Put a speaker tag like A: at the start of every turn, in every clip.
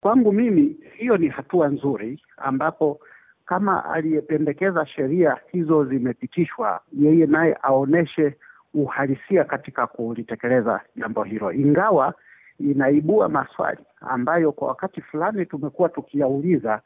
A: Kwangu mimi hiyo ni hatua nzuri, ambapo kama aliyependekeza sheria hizo zimepitishwa, yeye naye aoneshe uhalisia katika kulitekeleza jambo hilo, ingawa inaibua maswali ambayo kwa wakati fulani tumekuwa tukiyauliza: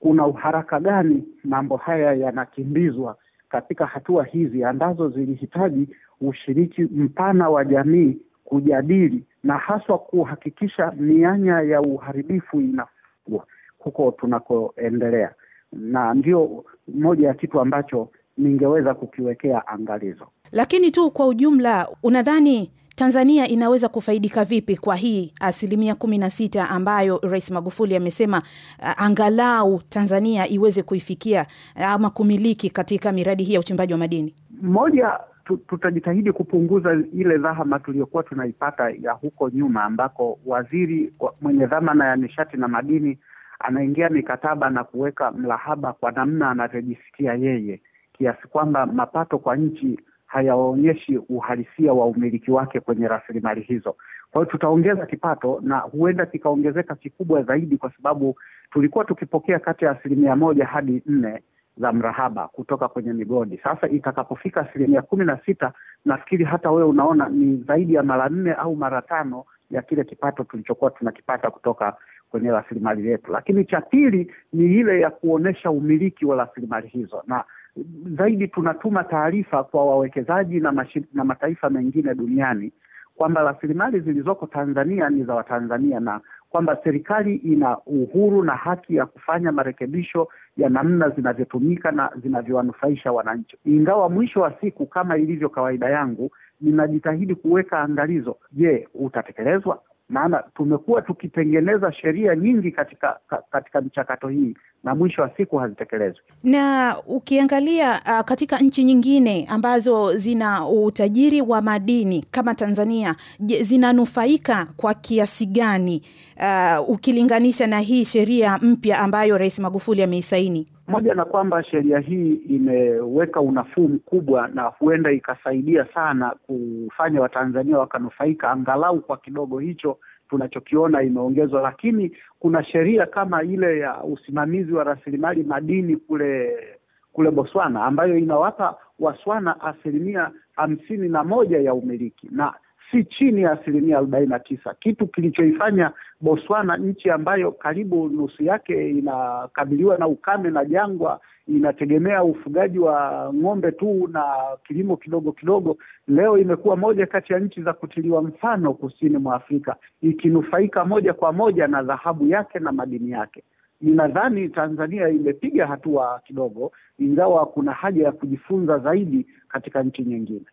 A: kuna uharaka gani mambo haya yanakimbizwa katika hatua hizi ambazo zilihitaji ushiriki mpana wa jamii kujadili na haswa kuhakikisha mianya ya uharibifu inafungwa huko tunakoendelea, na ndio moja ya kitu ambacho ningeweza kukiwekea angalizo.
B: Lakini tu kwa ujumla, unadhani Tanzania inaweza kufaidika vipi kwa hii asilimia kumi na sita ambayo Rais Magufuli amesema uh, angalau Tanzania iweze kuifikia uh, ama kumiliki katika miradi hii ya uchimbaji wa madini?
A: Moja tutajitahidi kupunguza ile dhahama tuliyokuwa tunaipata ya huko nyuma, ambako waziri mwenye dhamana ya nishati na madini anaingia mikataba na kuweka mlahaba kwa namna anavyojisikia yeye, kiasi kwamba mapato kwa nchi hayawaonyeshi uhalisia wa umiliki wake kwenye rasilimali hizo. Kwa hiyo tutaongeza kipato na huenda kikaongezeka kikubwa zaidi, kwa sababu tulikuwa tukipokea kati ya asilimia moja hadi nne za mrahaba kutoka kwenye migodi. Sasa itakapofika asilimia kumi na sita, nafikiri hata wewe unaona ni zaidi ya mara nne au mara tano ya kile kipato tulichokuwa tunakipata kutoka kwenye rasilimali yetu. Lakini cha pili ni ile ya kuonyesha umiliki wa rasilimali hizo, na zaidi tunatuma taarifa kwa wawekezaji na, na mataifa mengine duniani kwamba rasilimali zilizoko Tanzania ni za Watanzania na kwamba serikali ina uhuru na haki ya kufanya marekebisho ya namna zinavyotumika na zinavyowanufaisha wananchi, ingawa mwisho wa siku, kama ilivyo kawaida yangu, ninajitahidi kuweka angalizo. Je, utatekelezwa? maana tumekuwa tukitengeneza sheria nyingi katika katika michakato hii na mwisho wa siku hazitekelezwi.
B: Na ukiangalia uh, katika nchi nyingine ambazo zina utajiri wa madini kama Tanzania, zinanufaika kwa kiasi gani uh, ukilinganisha na hii sheria mpya ambayo Rais Magufuli ameisaini?
A: Moja na kwamba sheria hii imeweka unafuu mkubwa na huenda ikasaidia sana kufanya Watanzania wakanufaika angalau kwa kidogo hicho tunachokiona imeongezwa, lakini kuna sheria kama ile ya usimamizi wa rasilimali madini kule kule Botswana ambayo inawapa Waswana asilimia hamsini na moja ya umiliki na si chini ya asilimia arobaini na tisa, kitu kilichoifanya Botswana, nchi ambayo karibu nusu yake inakabiliwa na ukame na jangwa, inategemea ufugaji wa ng'ombe tu na kilimo kidogo kidogo, leo imekuwa moja kati ya nchi za kutiliwa mfano kusini mwa Afrika, ikinufaika moja kwa moja na dhahabu yake na madini yake. Ninadhani Tanzania imepiga hatua kidogo, ingawa kuna haja ya kujifunza zaidi katika nchi nyingine.